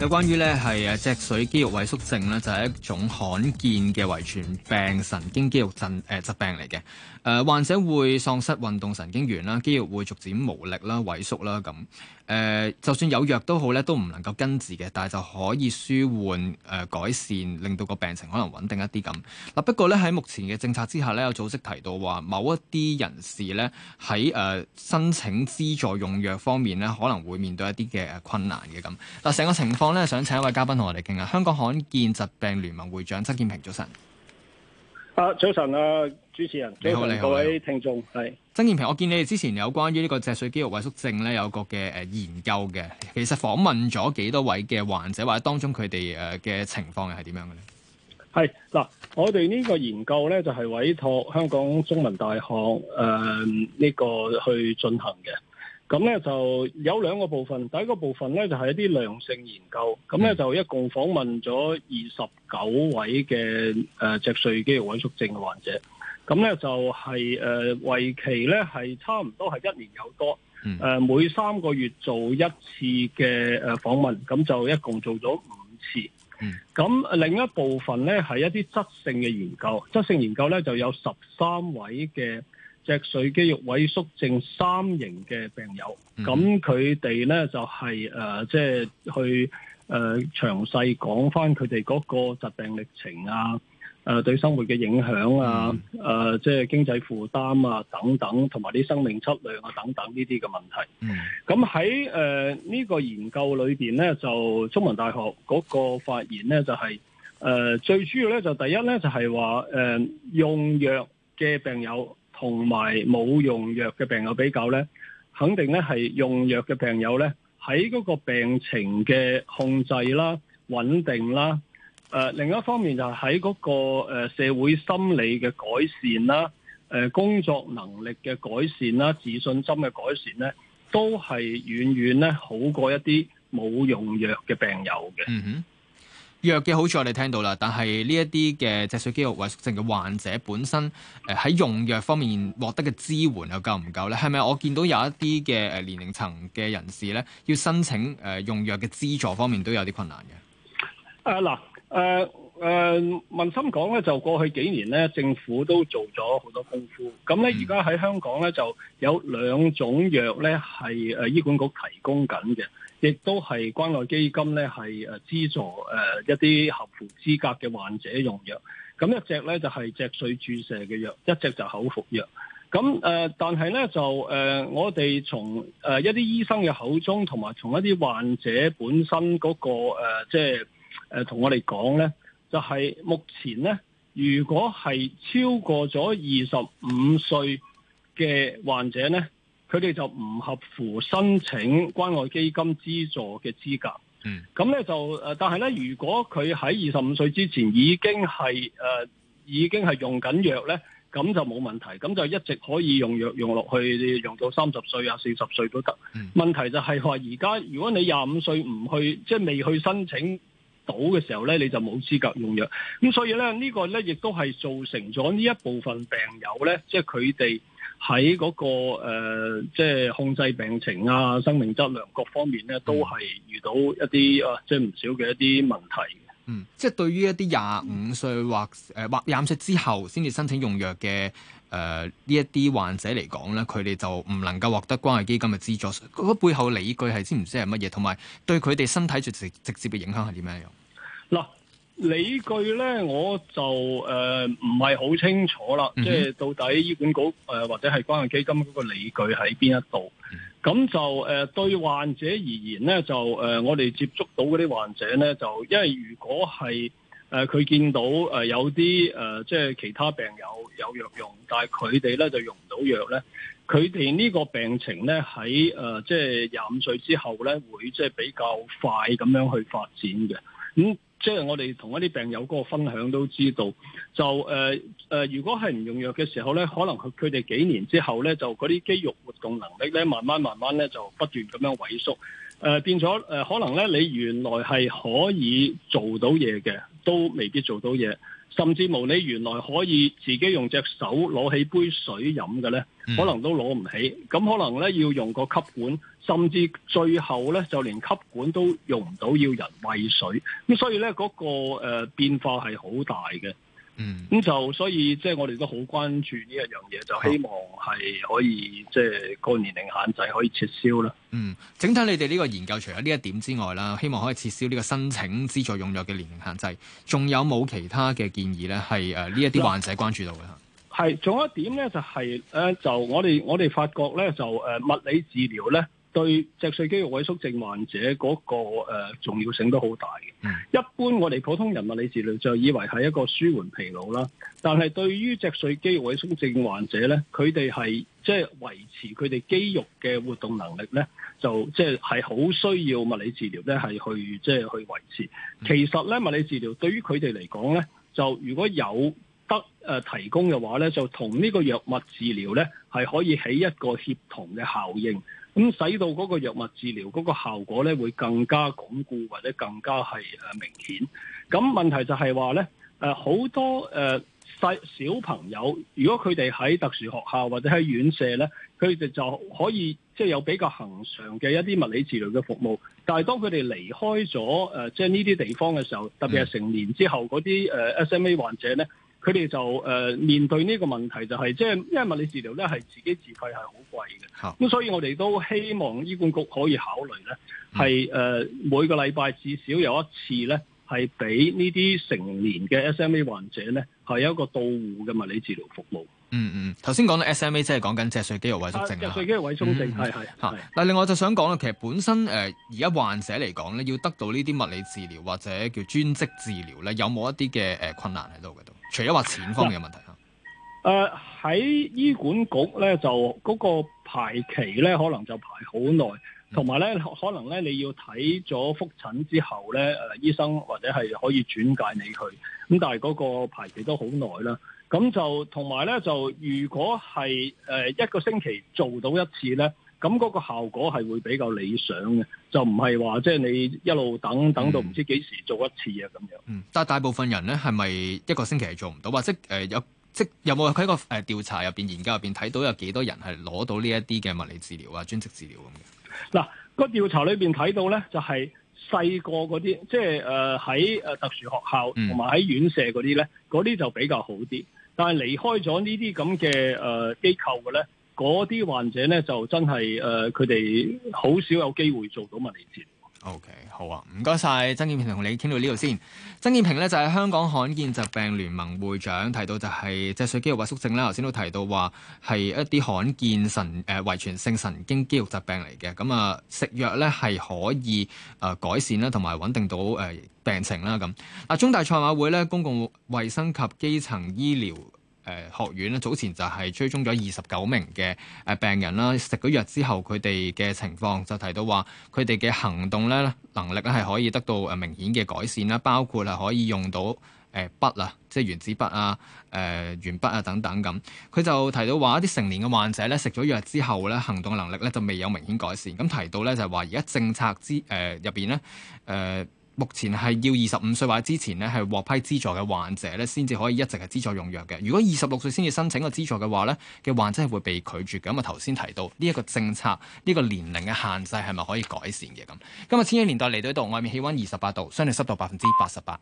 有關於咧係誒脊髓肌肉萎縮症咧，就係一種罕見嘅遺傳病、神經肌肉症誒疾病嚟嘅。誒、呃、患者會喪失運動神經元啦，肌肉會逐漸無力啦、萎縮啦咁。誒、呃，就算有藥都好咧，都唔能夠根治嘅，但係就可以舒緩、呃、改善，令到個病情可能穩定一啲咁嗱。不過咧，喺目前嘅政策之下咧，有組織提到話，某一啲人士咧喺、呃、申請資助用藥方面咧，可能會面對一啲嘅困難嘅咁嗱。成、啊、個情況咧，想請一位嘉賓同我哋傾下。香港罕見疾病聯盟會長曾建平早晨。啊，早晨啊，主持人，你好，你好，各位聽眾，係曾建平。我見你哋之前有關於呢個脊髓肌肉萎縮症咧，有個嘅誒研究嘅，其實訪問咗幾多位嘅患者或者當中佢哋誒嘅情況又係點樣嘅咧？係嗱，我哋呢個研究咧就係委託香港中文大學誒呢、呃這個去進行嘅。咁咧就有兩個部分，第一個部分咧就係一啲量性研究，咁咧就一共訪問咗二十九位嘅誒脊髓肌肉萎縮症嘅患者，咁咧就係誒，為期咧係差唔多係一年有多，嗯，每三個月做一次嘅誒訪問，咁就一共做咗五次。咁另一部分咧係一啲質性嘅研究，質性研究咧就有十三位嘅脊髓肌肉萎縮症三型嘅病友，咁佢哋咧就係、是、誒，即、呃、係、就是、去誒詳細講返佢哋嗰個疾病歷程啊，誒、呃、對生活嘅影響啊，誒即係經濟負擔啊等等，同埋啲生命質量啊等等呢啲嘅問題。咁喺誒呢個研究裏邊咧，就中文大學嗰個發現咧，就係、是、誒、呃、最主要咧就第一咧就係話誒用藥嘅病友。同埋冇用藥嘅病友比較咧，肯定咧係用藥嘅病友咧，喺嗰個病情嘅控制啦、穩定啦，誒、呃、另一方面就係喺嗰個社會心理嘅改善啦、誒、呃、工作能力嘅改善啦、自信心嘅改善咧，都係遠遠咧好過一啲冇用藥嘅病友嘅。嗯哼。藥嘅好處我哋聽到啦，但係呢一啲嘅脊髓肌肉萎縮症嘅患者本身，喺用藥方面獲得嘅支援又夠唔夠呢？係咪我見到有一啲嘅年齡層嘅人士呢，要申請用藥嘅資助方面都有啲困難嘅？誒、啊、嗱、呃呃，文森講呢就過去幾年呢，政府都做咗好多功夫，咁呢，而家喺香港呢，就有兩種藥呢，係誒醫管局提供緊嘅。亦都係關愛基金咧，係誒資助一啲合乎資格嘅患者用藥。咁一隻咧就係、係、脊髓注射嘅藥，一隻就口服藥。咁、呃、但係咧就、呃、我哋從、呃、一啲醫生嘅口中，同埋從一啲患者本身嗰、嗰個即係同我哋講咧，就係、是呃就是、目前咧，如果係超過咗二十五歲嘅患者咧。佢哋就唔合乎申請關愛基金資助嘅資格。嗯，咁咧就，但係咧，如果佢喺二十五歲之前已經係，誒、呃，已經係用緊藥咧，咁就冇問題，咁就一直可以用藥用落去，用到三十歲啊、四十歲都得、嗯。問題就係話，而家如果你廿五歲唔去，即係未去申請到嘅時候咧，你就冇資格用藥。咁所以咧，這個、呢個咧亦都係造成咗呢一部分病友咧，即係佢哋。喺嗰、那個誒、呃，即係控制病情啊、生命質量各方面咧，都係遇到一啲啊、呃，即係唔少嘅一啲問題。嗯，即係對於一啲廿五歲或誒或廿五歲之後先至申請用藥嘅誒呢一啲患者嚟講咧，佢哋就唔能夠獲得關愛基金嘅資助。嗰個背後理據係知唔知係乜嘢？同埋對佢哋身體直直直接嘅影響係點樣樣？嗱。理據咧，我就誒唔係好清楚啦，即、嗯、係到底醫管局誒或者係關愛基金嗰個理據喺邊一度？咁就誒、呃、對患者而言咧，就誒、呃、我哋接觸到嗰啲患者咧，就因為如果係誒佢見到誒、呃、有啲誒、呃、即係其他病友有藥用，但係佢哋咧就用唔到藥咧，佢哋呢個病情咧喺誒即係廿五歲之後咧會即係比較快咁樣去發展嘅，咁、嗯。即係我哋同一啲病友個分享都知道，就誒誒、呃呃，如果係唔用藥嘅時候咧，可能佢哋幾年之後咧，就嗰啲肌肉活動能力咧，慢慢慢慢咧，就不斷咁樣萎縮，誒、呃、變咗誒、呃，可能咧你原來係可以做到嘢嘅，都未必做到嘢。甚至無你原來可以自己用隻手攞起杯水飲嘅咧，可能都攞唔起，咁可能咧要用個吸管，甚至最後咧就連吸管都用唔到，要人餵水，咁所以咧、那、嗰個、呃、變化係好大嘅。嗯，咁就所以即係我哋都好關注呢一樣嘢，就希望係可以即係、就是、個年齡限制可以撤銷啦。嗯，整體你哋呢個研究除咗呢一點之外啦，希望可以撤銷呢個申請資助用藥嘅年齡限制，仲有冇其他嘅建議咧？係誒呢一啲患者關注到嘅吓。係，仲有一點咧就係、是、誒，就我哋我哋發覺咧就誒、呃、物理治療咧。對脊髓肌肉萎縮症患者嗰個誒重要性都好大嘅。一般我哋普通人物理治療就以為係一個舒緩疲勞啦，但係對於脊髓肌肉萎縮症患者咧，佢哋係即係維持佢哋肌肉嘅活動能力咧，就即係係好需要物理治療咧，係去即係去維持。其實咧，物理治療對於佢哋嚟講咧，就如果有得誒提供嘅話咧，就同呢個藥物治療咧係可以起一個協同嘅效應。咁使到嗰個藥物治療嗰個效果咧，會更加鞏固或者更加係呃明顯。咁問題就係話咧，呃、好多、呃、細小朋友，如果佢哋喺特殊學校或者喺院舍咧，佢哋就可以即係、就是、有比較恒常嘅一啲物理治療嘅服務。但係當佢哋離開咗呃、即係呢啲地方嘅時候，特別係成年之後嗰啲、呃、SMA 患者咧。佢哋就誒、呃、面對呢個問題，就係即係，因為物理治療咧係自己自費係好貴嘅。咁、啊、所以我哋都希望醫管局可以考慮咧，係、嗯、誒、呃、每個禮拜至少有一次咧，係俾呢啲成年嘅 SMA 患者咧係有一個到戶嘅物理治療服務。嗯嗯，頭先講到 SMA，即係講緊脊髓肌肉萎縮症、啊、脊髓肌肉萎縮症係係嚇。嗱、嗯，嗯、但另外就想講啦，其實本身誒而家患者嚟講咧，要得到呢啲物理治療或者叫專職治療咧，有冇一啲嘅誒困難喺度嘅？除咗話錢方面嘅問題嚇，誒、呃、喺醫管局咧就嗰個排期咧可能就排好耐，同埋咧可能咧你要睇咗覆診之後咧，誒醫生或者係可以轉介你去，咁但係嗰個排期都好耐啦。咁就同埋咧就如果係誒一個星期做到一次咧。咁嗰個效果係會比較理想嘅，就唔係話即係你一路等等到唔知幾時做一次啊咁樣。嗯，但大部分人咧係咪一個星期係做唔到？或者誒有即係有冇喺個、呃、調查入面，研究入面睇到有幾多人係攞到呢一啲嘅物理治療啊、專職治療咁嘅？嗱、個調查裏面睇到咧，就係細個嗰啲，即係喺、呃、特殊學校同埋喺院舍嗰啲咧，嗰啲就比較好啲。但係離開咗呢啲咁嘅機構嘅咧。嗰啲患者咧就真係誒，佢哋好少有機會做到物理治療。OK，好啊，唔該晒。曾建平同你傾到呢度先。曾建平咧就係、是、香港罕見疾病聯盟會長，提到就係脊髓肌肉萎縮症啦。頭先都提到話，係一啲罕見神誒遺傳性神經肌肉疾病嚟嘅。咁啊，食藥咧係可以誒、呃、改善啦，同埋穩定到誒、呃、病情啦咁。啊，中大賽馬會咧，公共衛生及基層醫療，誒學院咧，早前就係追蹤咗二十九名嘅誒病人啦，食咗藥之後佢哋嘅情況就提到話，佢哋嘅行動咧能力咧係可以得到誒明顯嘅改善啦，包括係可以用到誒筆啊，即係原子筆啊、誒、呃、鉛筆啊等等咁，佢就提到話，一啲成年嘅患者咧食咗藥之後咧，行動能力咧就未有明顯改善。咁提到咧就係話，而家政策之誒入邊咧誒。呃目前係要二十五歲或者之前咧，係獲批資助嘅患者咧，先至可以一直係資助用藥嘅。如果二十六歲先至申請個資助嘅話，呢嘅患者係會被拒絕嘅。咁啊頭先提到呢一個政策，呢個年齡嘅限制係咪可以改善嘅咁？今日千禧年代嚟到呢度，外面氣温二十八度，相對濕度百分之八十八。